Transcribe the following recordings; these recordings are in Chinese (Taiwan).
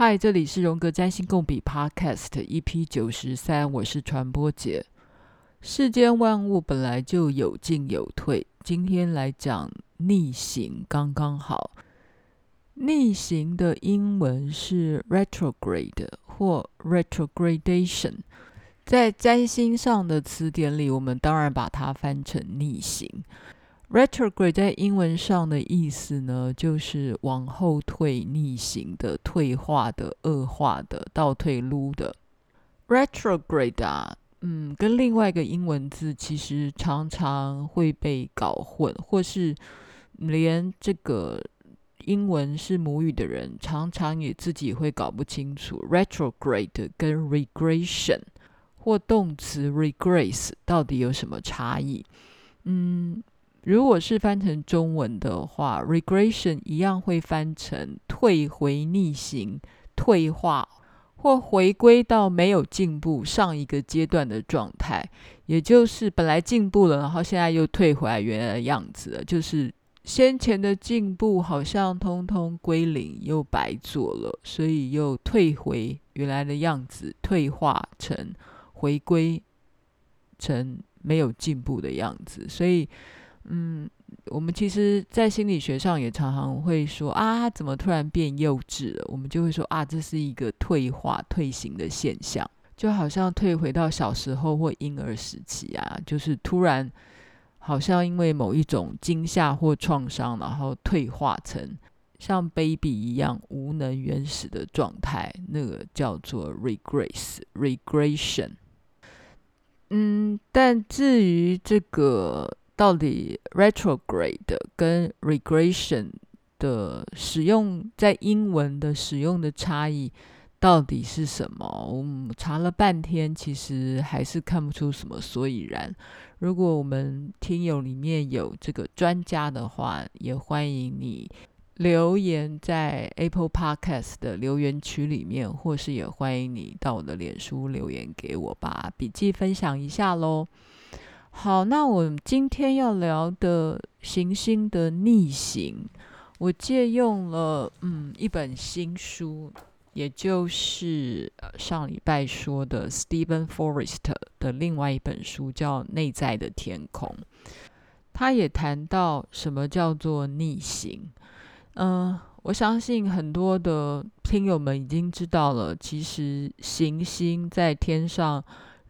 嗨，Hi, 這裡是《榮格占星共筆》Podcast EP 九十三，我是傳播姐。世間萬物本來就有進有退，今天來講逆行剛剛好。逆行的英文是 retrograde 或 retrogradation，在占星上的詞典裡，我們當然把它翻成逆行。retrograde 在英文上的意思呢，就是往後退、逆行的、退化的、惡化的、倒退嚕的。retrograde 啊，嗯，跟另外一個英文字其實常常會被搞混，或是連這個英文是母語的人，常常也自己會搞不清楚 retrograde 跟 regression 或動詞 regress 到底有什麼差異？嗯。如果是翻成中文的話，regression 一樣會翻成退回、逆行、退化或回歸到沒有進步上一個階段的狀態，也就是本來進步了，然後現在又退回來原來的樣子了，就是先前的進步好像通通歸零，又白做了，所以又退回原來的樣子，退化成回歸成沒有進步的樣子，所以。嗯，我們其實，在心理學上也常常會說啊，怎麼突然變幼稚了？我們就會說啊，這是一個退化、退行的現象，就好像退回到小時候或嬰兒時期啊，就是突然好像因為某一種驚嚇或創傷，然後退化成像 baby 一樣無能原始的狀態，那個叫做 regress regression。嗯，但至於這個。到底 retrograde 跟 regression 的使用在英文的使用的差異到底是什麼？我們查了半天，其實還是看不出什麼所以然。如果我們聽友裡面有這個專家的話，也歡迎你留言在 Apple Podcast 的留言區裡面，或是也歡迎你到我的臉書留言給我吧，把筆記分享一下嘍。好，那我們今天要聊的行星的逆行，我借用了嗯一本新書，也就是上禮拜說的 Steven Forrest 的另外一本書叫《內在的天空》，他也談到什麼叫做逆行。嗯，我相信很多的聽友們已經知道了，其實行星在天上。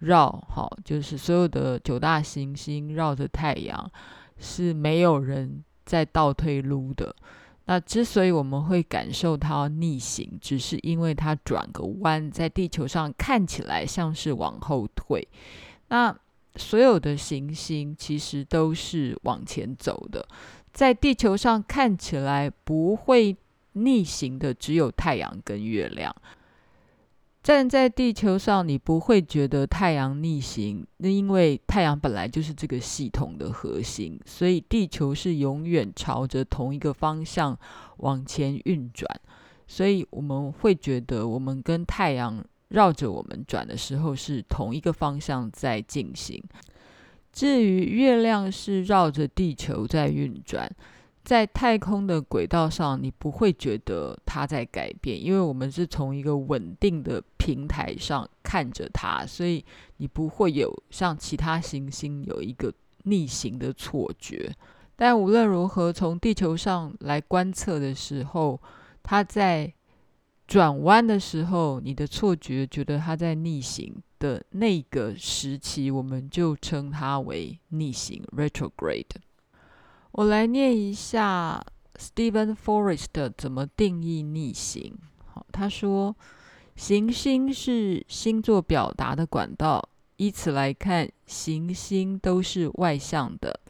繞好，就是所有的九大行星繞着太陽，是沒有人在倒退嚕的。那之所以我們會感受它逆行，只是因為它轉個彎，在地球上看起來像是往後退。那所有的行星其實都是往前走的，在地球上看起來不會逆行的，只有太陽跟月亮。但在地球上，你不會覺得太陽逆行，那因為太陽本來就是這個系統的核心，所以地球是永遠朝着同一個方向往前運轉，所以我們會覺得我們跟太陽繞着我們轉的時候是同一個方向在進行。至於月亮是繞着地球在運轉。在太空的軌道上，你不會覺得它在改變，因為我們是從一個穩定的平台上看着它，所以你不會有像其他行星有一個逆行的錯覺。但無論如何，從地球上來觀測的時候，它在轉彎的時候，你的錯覺覺得它在逆行的那個時期，我們就稱它為逆行 （retrograde）。Ret 我來唸一下 Steven Forrest 怎麼定義逆行。好，他說：行星是星座表達的管道。依此來看，行星都是外向的。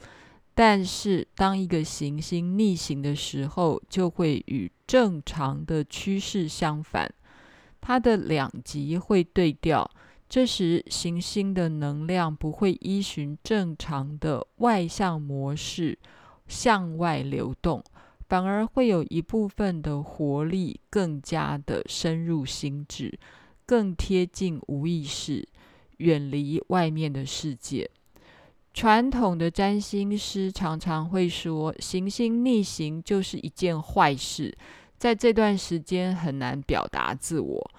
但是，當一個行星逆行的時候，就會與正常的趨勢相反。它的兩極會對調。這時，行星的能量不會依循正常的外向模式。向外流動，反而會有一部分的活力更加的深入心智，更貼近無意識，遠離外面的世界。傳統的占星師常常會說，行星逆行就是一件壞事，在這段時間很難表達自我。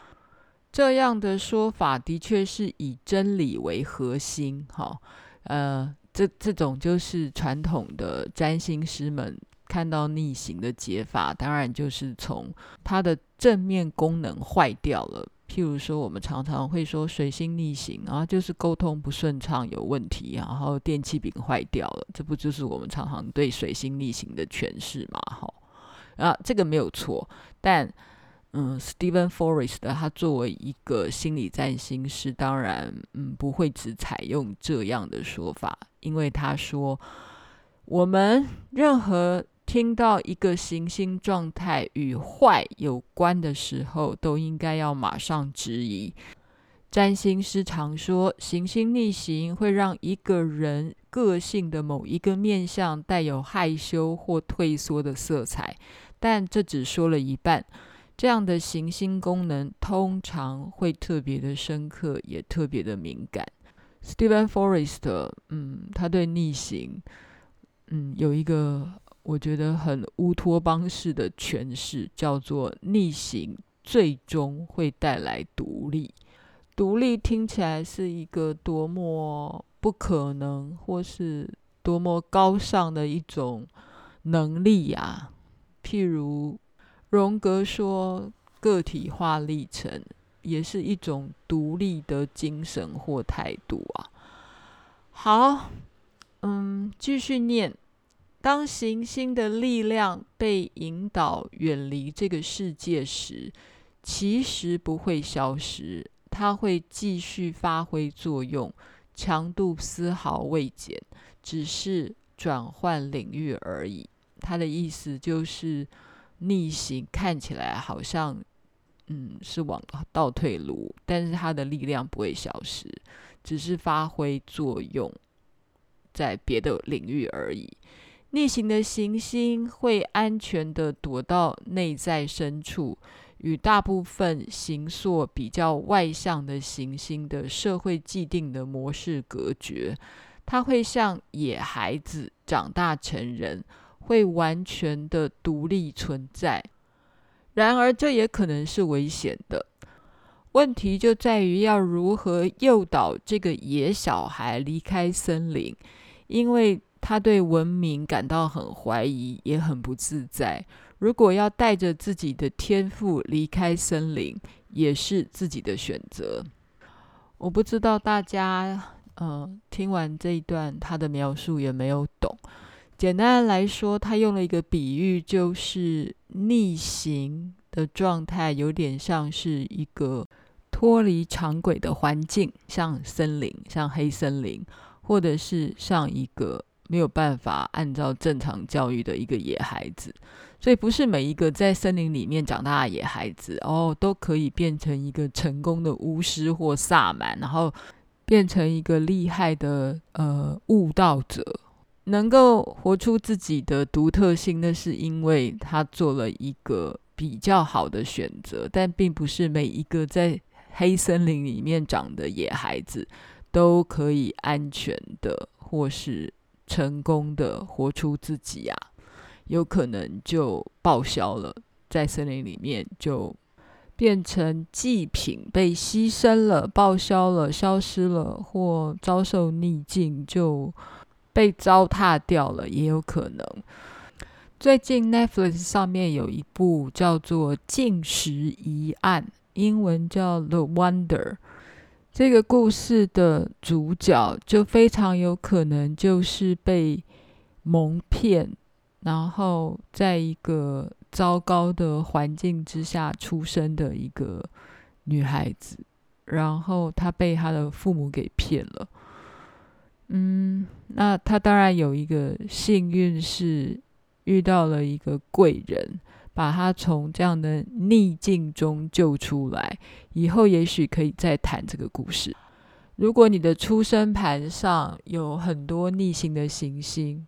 這樣的說法的確是以真理為核心，哈、哦，呃。這這種就是傳統的占星師們看到逆行的解法，當然就是從它的正面功能壞掉了。譬如說，我們常常會說水星逆行，啊，就是溝通不順暢有問題，然後電器柄壞掉了，這不就是我們常常對水星逆行的詮釋嗎？哈，啊，這個沒有錯，但。嗯，Steven Forrest，他作為一個心理占星師，當然嗯不會只採用這樣的說法，因為他說，我們任何聽到一個行星狀態與壞有關的時候，都應該要馬上質疑。占星師常說，行星逆行會讓一個人個性的某一個面向帶有害羞或退縮的色彩，但這只說了一半。這樣的行星功能通常會特別的深刻，也特別的敏感。Steven Forrest，嗯，他對逆行，嗯，有一個我覺得很烏托邦式的詮釋，叫做逆行最終會帶來獨立。獨立聽起來是一個多麼不可能，或是多麼高尚的一種能力呀，啊？譬如。榮格說，個體化歷程也是一種獨立的精神或態度啊。好，嗯，繼續念。當行星的力量被引導遠離這個世界時，其實不會消失，它會繼續發揮作用，強度絲毫未減，只是轉換領域而已。它的意思就是。逆行看起來好像，嗯，是往倒退嚕，但是它的力量不會消失，只是發揮作用在別的領域而已。逆行的行星會安全的躲到內在深處，與大部分形塑比較外向的行星的社會既定的模式隔絕。它會像野孩子長大成人。會完全的獨立存在，然而這也可能是危險的。問題就在於要如何誘導這個野小孩離開森林，因為他對文明感到很懷疑，也很不自在。如果要帶着自己的天賦離開森林，也是自己的選擇。我不知道大家，嗯、呃，聽完這一段他的描述也沒有懂。簡單來說，他用了一個比喻，就是逆行的狀態有點像是一個脫離常軌的環境，像森林，像黑森林，或者是像一個沒有辦法按照正常教育的一個野孩子。所以，不是每一個在森林裡面長大的野孩子哦，都可以變成一個成功的巫師或薩滿，然後變成一個厲害的呃悟道者。能夠活出自己的獨特性，那是因為他做了一個比較好的選擇。但並不是每一個在黑森林裡面長的野孩子都可以安全的或是成功的活出自己呀！有可能就報銷了，在森林裡面就變成祭品，被犧牲了、報銷了、消失了，或遭受逆境就。被糟蹋掉了，也有可能。最近 Netflix 上面有一部叫做《禁食疑案》，英文叫《The Wonder》。這個故事的主角就非常有可能就是被蒙騙，然後在一個糟糕的環境之下出生的一個女孩子，然後她被她的父母給騙了。嗯，那他當然有一個幸運是遇到了一個貴人，把他從這樣的逆境中救出來，以後也許可以再談這個故事。如果你的出生盤上有很多逆行的行星，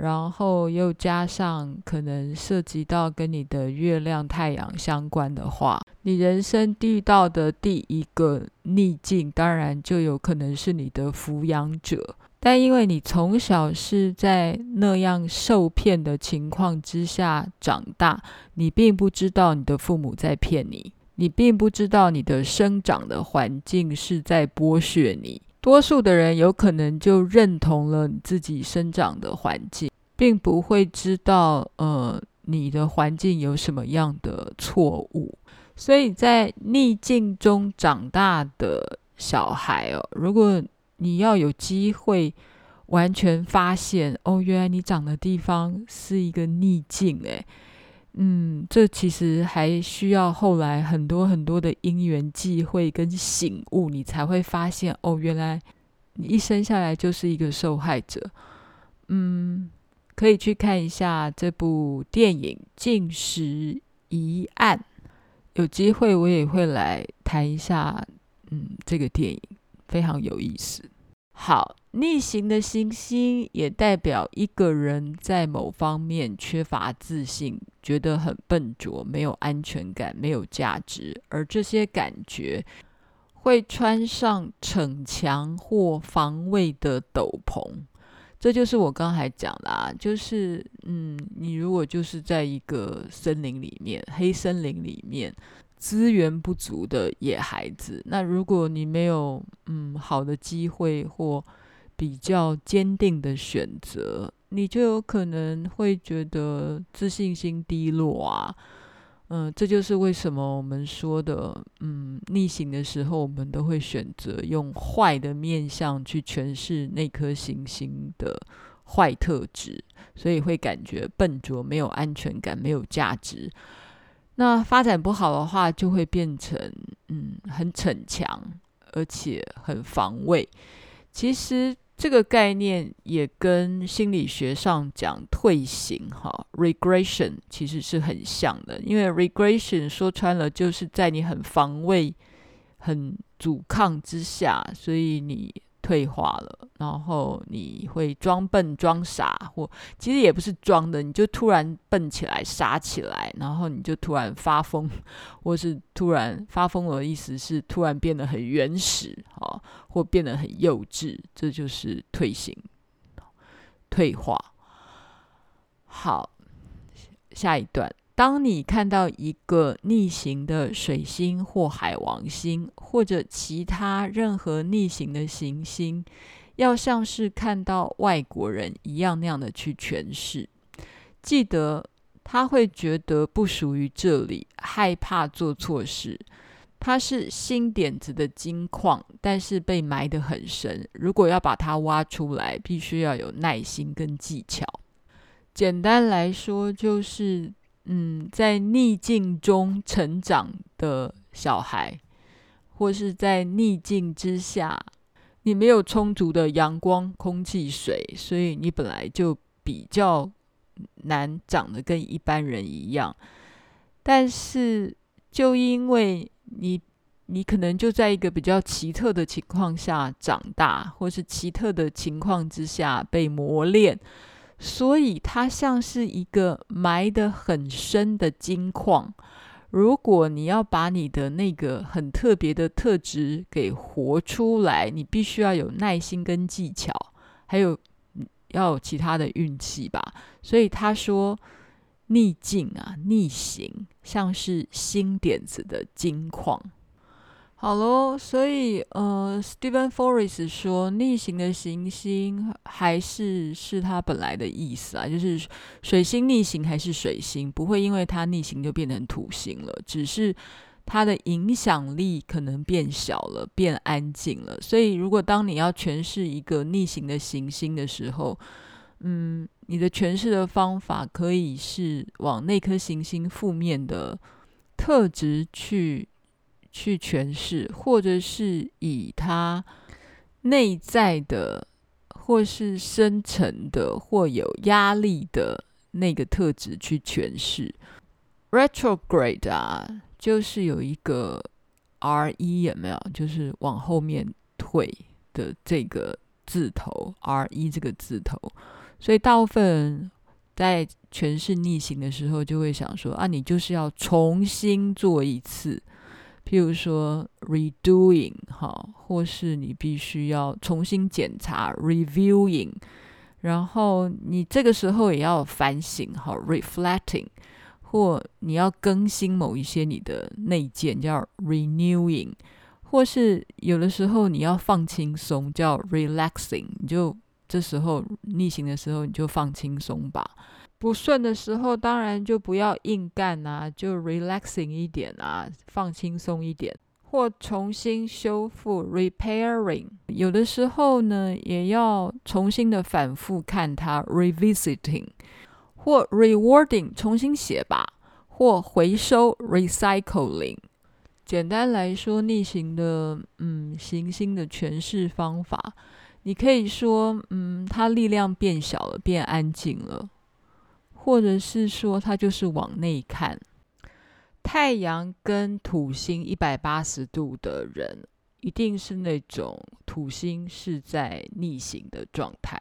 然後又加上可能涉及到跟你的月亮、太陽相關的話，你人生遇到的第一個逆境，當然就有可能是你的撫養者。但因為你從小是在那樣受騙的情況之下長大，你並不知道你的父母在騙你，你並不知道你的生長的環境是在剝削你。多數的人有可能就認同了你自己生長的環境。並不會知道，呃，你的環境有什麼樣的錯誤，所以在逆境中長大的小孩哦，如果你要有機會完全發現，哦，原來你長的地方是一個逆境，誒。嗯，這其實還需要後來很多很多的因緣際會跟醒悟，你才會發現，哦，原來你一生下來就是一個受害者，嗯。可以去看一下這部電影《禁食疑案》，有機會我也會來談一下。嗯，這個電影非常有意思。好，逆行的行星也代表一個人在某方面缺乏自信，覺得很笨拙，沒有安全感，沒有價值，而這些感覺會穿上逞強或防衛的斗篷。這就是我剛才講的啊，就是嗯，你如果就是在一個森林裡面，黑森林裡面，資源不足的野孩子，那如果你沒有嗯好的機會或比較堅定的選擇，你就有可能會覺得自信心低落啊。嗯，這就是為什麼我們說的，嗯，逆行的時候，我們都會選擇用壞的面向去詮釋那顆行星的壞特質，所以會感覺笨拙、沒有安全感、沒有價值。那發展不好的話，就會變成嗯，很逞強，而且很防衛。其實。這個概念也跟心理學上講退行，哈，regression 其實是很像的。因為 regression 說穿了就是在你很防衛、很阻抗之下，所以你退化了，然後你會裝笨、裝傻，或其實也不是裝的，你就突然笨起來、傻起來，然後你就突然發瘋，或是突然發瘋的意思是突然變得很原始。或變得很幼稚，這就是退行、退化。好，下一段，當你看到一個逆行的水星或海王星，或者其他任何逆行的行星，要像是看到外國人一樣那樣的去詮釋。記得，他會覺得不屬於這裡，害怕做錯事。它是新點子的金礦，但是被埋得很深。如果要把它挖出來，必須要有耐心跟技巧。簡單來說，就是嗯，在逆境中成長的小孩，或是在逆境之下，你沒有充足的陽光、空氣、水，所以你本來就比較難長得跟一般人一樣。但是，就因為你你，可能就在一個比較奇特的情況下長大，或是奇特的情況之下被磨練，所以它像是一個埋得很深的金礦。如果你要把你的那個很特別的特質給活出來，你必須要有耐心跟技巧，還有要有其他的運氣吧。所以他說。逆境啊，逆行像是新點子的金礦，好嘍。所以呃，Steven Forrest 說，逆行的行星還是是它本來的意思啊，就是水星逆行還是水星，不會因為它逆行就變成土星了，只是它的影響力可能變小了，變安靜了。所以如果當你要詮釋一個逆行的行星的時候。嗯，你的詮釋的方法可以是往那顆行星負面的特質去去詮釋，或者是以它內在的，或是深沉的，或有壓力的那個特質去詮釋。Retrograde 啊，就是有一個 RE 有沒有？就是往後面退的這個字頭，RE 這個字頭。所以，大部分人，在詮釋逆行的時候，就會想說：啊，你就是要重新做一次，譬如說 redoing 哈，或是你必須要重新檢查 reviewing，然後你這個時候也要反省好 reflecting，或你要更新某一些你的內建叫 renewing，或是有的時候你要放輕鬆叫 relaxing，你就。這時候逆行的時候，你就放輕鬆吧。不順的時候，當然就不要硬幹吶啊，就 relaxing 一點啊，放輕鬆一點，或重新修復 repairing。有的時候呢，也要重新的反覆看它 revisiting，或 rewarding 重新寫吧，或回收 recycling。簡單來說，逆行的，嗯，行星的詮釋方法。你可以說，嗯，他力量變小了，變安靜了，或者是說，他就是往內看。太陽跟土星一百八十度的人，一定是那種土星是在逆行的狀態。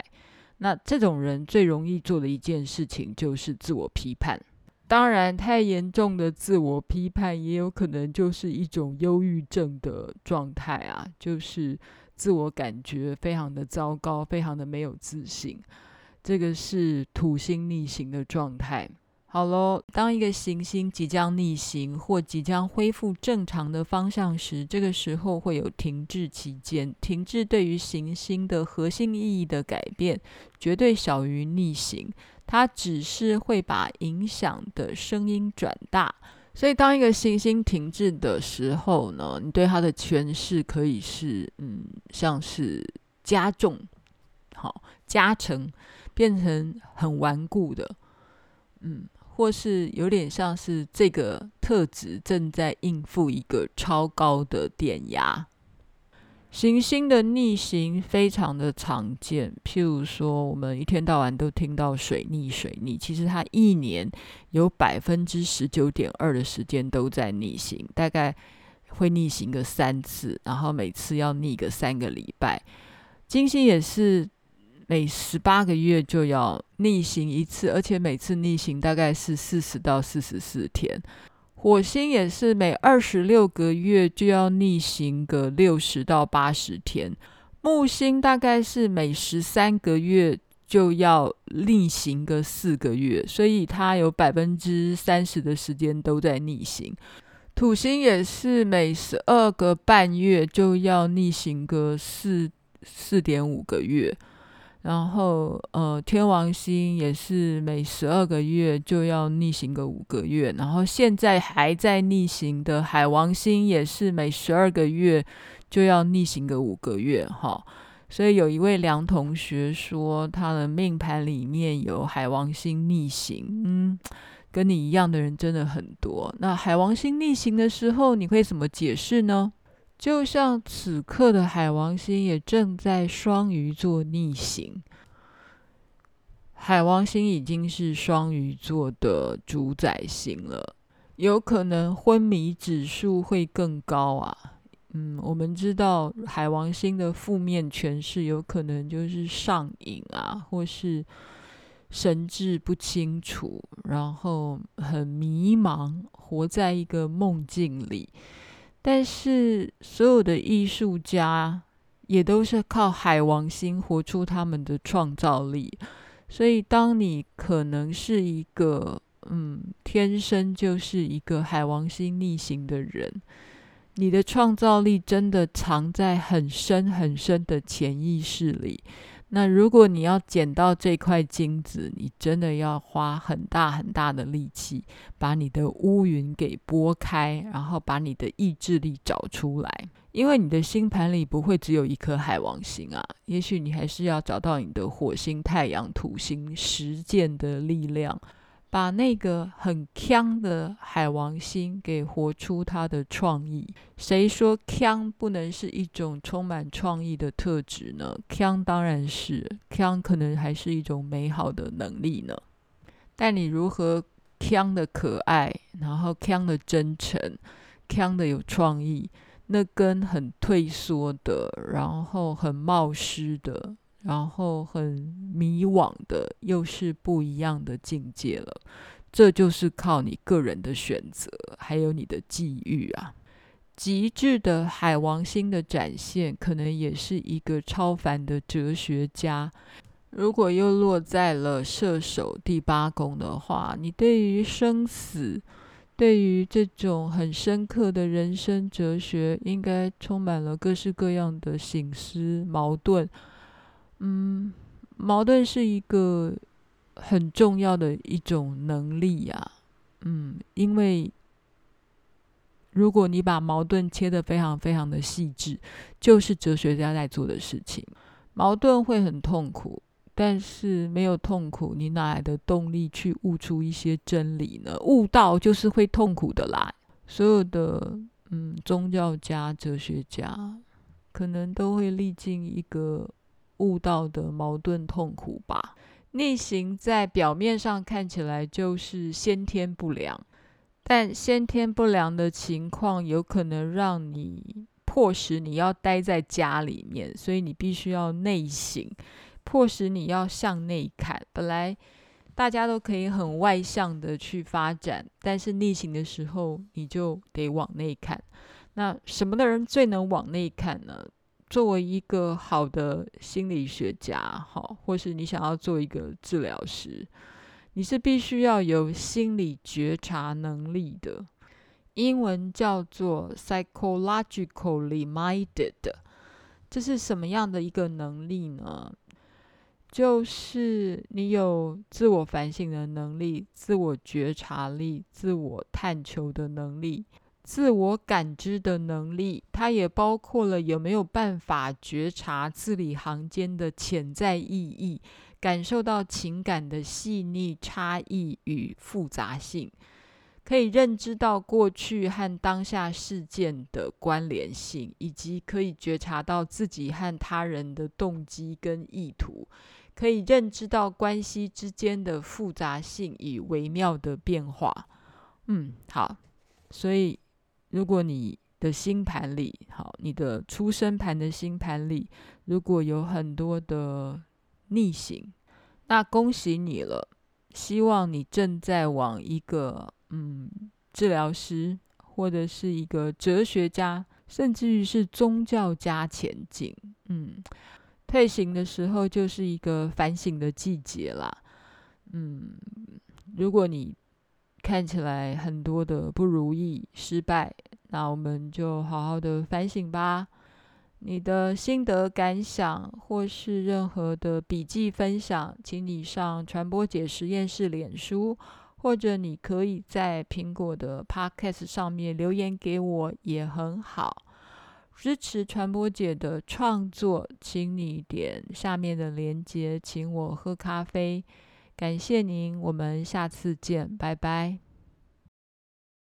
那這種人最容易做的一件事情就是自我批判。當然，太嚴重的自我批判也有可能就是一種憂鬱症的狀態啊，就是。自我感覺非常的糟糕，非常的沒有自信，這個是土星逆行的狀態。好嘍，當一個行星即將逆行或即將恢復正常的方向時，這個時候會有停滯期間。停滯對於行星的核心意義的改變，絕對小於逆行，它只是會把影響的聲音轉大。所以，當一個行星停滯的時候呢，你對它的詮釋可以是，嗯，像是加重，好，加成，變成很頑固的，嗯，或是有點像是這個特質正在應付一個超高的電壓。行星的逆行非常的常見，譬如說，我們一天到晚都聽到水逆、水逆，其實它一年有百分之十九點二的時間都在逆行，大概會逆行個三次，然後每次要逆個三個禮拜。金星也是每十八個月就要逆行一次，而且每次逆行大概是四十到四十四天。火星也是每二十六個月就要逆行個六十到八十天，木星大概是每十三個月就要逆行個四個月，所以它有百分之三十的時間都在逆行。土星也是每十二個半月就要逆行個四四點五個月。然後，呃，天王星也是每十二個月就要逆行個五個月，然後現在還在逆行的海王星也是每十二個月就要逆行個五個月，哈。所以有一位梁同學說他的命盤裡面有海王星逆行，嗯，跟你一樣的人真的很多。那海王星逆行的時候，你會怎麼解釋呢？就像此刻的海王星也正在雙魚座逆行，海王星已經是雙魚座的主宰星了，有可能昏迷指數會更高啊。嗯，我們知道海王星的負面詮釋有可能就是上癮啊，或是神志不清楚，然後很迷茫，活在一個夢境裡。但是所有的藝術家也都是靠海王星活出他們的創造力，所以當你可能是一個嗯，天生就是一個海王星逆行的人，你的創造力真的藏在很深很深的潛意識裡。那如果你要撿到這塊金子，你真的要花很大很大的力氣，把你的烏雲給撥開，然後把你的意志力找出來。因為你的星盤裡不會只有一顆海王星啊，也許你還是要找到你的火星、太陽、土星實踐的力量。把那個很嗆的海王星給活出他的創意。誰說嗆不能是一種充滿創意的特質呢？嗆當然是嗆，可能還是一種美好的能力呢。但你如何嗆的可愛，然後嗆的真誠，嗆的有創意，那跟很退縮的，然後很冒失的。然後很迷惘的，又是不一樣的境界了。這就是靠你個人的選擇，還有你的際遇啊。極致的海王星的展現，可能也是一個超凡的哲學家。如果又落在了射手第八宮的話，你對於生死，對於這種很深刻的人生哲學，應該充滿了各式各樣的省思、矛盾。嗯，矛盾是一個很重要的一種能力呀、啊。嗯，因為如果你把矛盾切得非常非常的細緻，就是哲學家在做的事情。矛盾會很痛苦，但是沒有痛苦，你哪來的動力去悟出一些真理呢？悟道就是會痛苦的啦。所有的嗯，宗教家、哲學家，可能都會歷經一個。悟道的矛盾痛苦吧。逆行在表面上看起來就是先天不良，但先天不良的情況有可能讓你迫使你要待在家裡面，所以你必須要逆行，迫使你要向內看。本來大家都可以很外向的去發展，但是逆行的時候你就得往內看。那什麼的人最能往內看呢？作為一個好的心理學家，哈，或是你想要做一個治療師，你是必須要有心理覺察能力的。英文叫做 psychologically minded。這是什麼樣的一個能力呢？就是你有自我反省的能力，自我覺察力，自我探求的能力。自我感知的能力，它也包括了有沒有辦法覺察字裡行間的潛在意義，感受到情感的細膩差異與複雜性，可以認知到過去和當下事件的關聯性，以及可以覺察到自己和他人的動機跟意圖，可以認知到關係之間的複雜性與微妙的變化。嗯，好，所以。如果你的星盤裡，好，你的出生盤的星盤裡，如果有很多的逆行，那恭喜你了。希望你正在往一個嗯，治療師或者是一個哲學家，甚至於是宗教家前進。嗯，退行的時候就是一個反省的季節啦。嗯，如果你。看起來很多的不如意、失敗，那我們就好好的反省吧。你的心得感想，或是任何的筆記分享，請你上傳播姐實驗室臉書，或者你可以在蘋果的 Podcast 上面留言給我，也很好。支持傳播姐的創作，請你點下面的鏈接，請我喝咖啡。感謝您，我們下次見，拜拜。